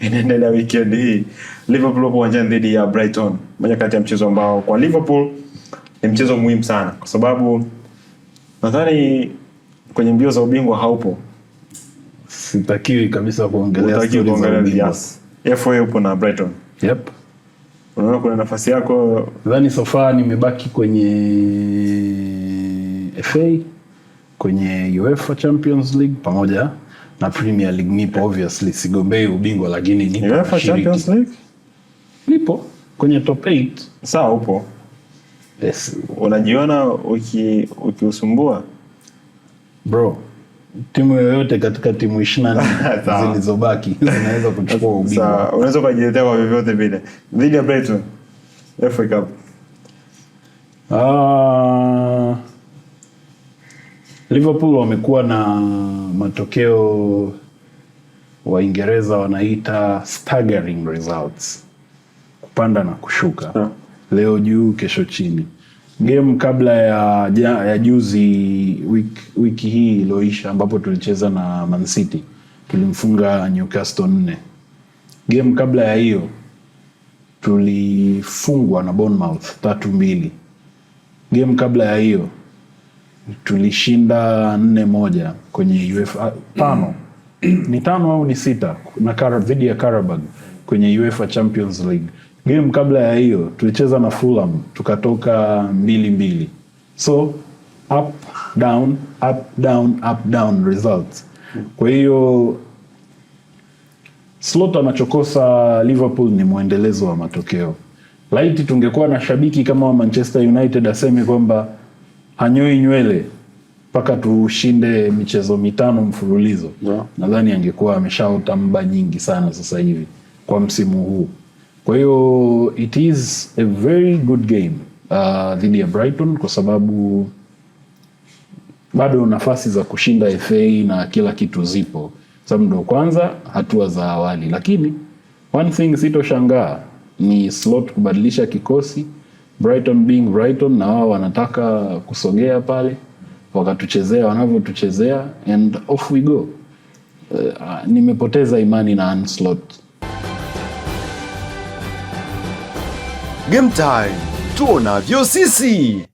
inaendelea wikend hii. Liverpool wapo uwanjani dhidi ya Brighton, moja kati ya mchezo ambao kwa Liverpool ni mchezo muhimu sana, kwa sababu nadhani kwenye mbio za ubingwa haupo, sitakiwi kabisa kuongelea upo na Brighton, yep, unaona kuna nafasi yako. Nadhani sofa nimebaki kwenye FA, kwenye UEFA Champions League pamoja na Premier League nipo obviously, sigombei ubingwa lakini nipo UEFA Champions League nipo kwenye top 8. Sawa, upo yes. Unajiona ukiusumbua uki bro, timu yoyote katika timu ishirini zilizobaki zinaweza kuchukua ubingwa. unaweza ukajiletea kwa vyovyote vile dhidi ya Brighton FA Cup. Ah Liverpool wamekuwa na matokeo Waingereza wanaita staggering results, kupanda na kushuka yeah. Leo juu kesho chini. Game kabla ya, ya, ya juzi wiki, wiki hii iliyoisha ambapo tulicheza na Man City tulimfunga Newcastle nne. Game kabla ya hiyo tulifungwa na Bournemouth tatu mbili. Game kabla ya hiyo tulishinda nne moja kwenye UEFA tano mm. ni tano au ni sita na dhidi ya Karabag kwenye UEFA Champions League. Game kabla ya hiyo tulicheza na Fulham tukatoka mbili mbili, so up down up down up down results. Kwa hiyo Slot anachokosa Liverpool ni mwendelezo wa matokeo. Laiti tungekuwa na shabiki kama wa Manchester United aseme kwamba hanyoi nywele mpaka tushinde michezo mitano mfululizo yeah. Nadhani angekuwa ameshaota mba nyingi sana sasa hivi kwa msimu huu. Kwa hiyo it is a very good game uh, dhidi ya Brighton kwa sababu bado nafasi za kushinda FA na kila kitu zipo, sababu ndo kwanza hatua za awali, lakini one thing sitoshangaa ni Slot kubadilisha kikosi Brighton being Brighton, na wao wanataka kusogea pale, wakatuchezea wanavyotuchezea and off we go. Uh, nimepoteza imani na Ancelotti. Game time tuonavyo sisi.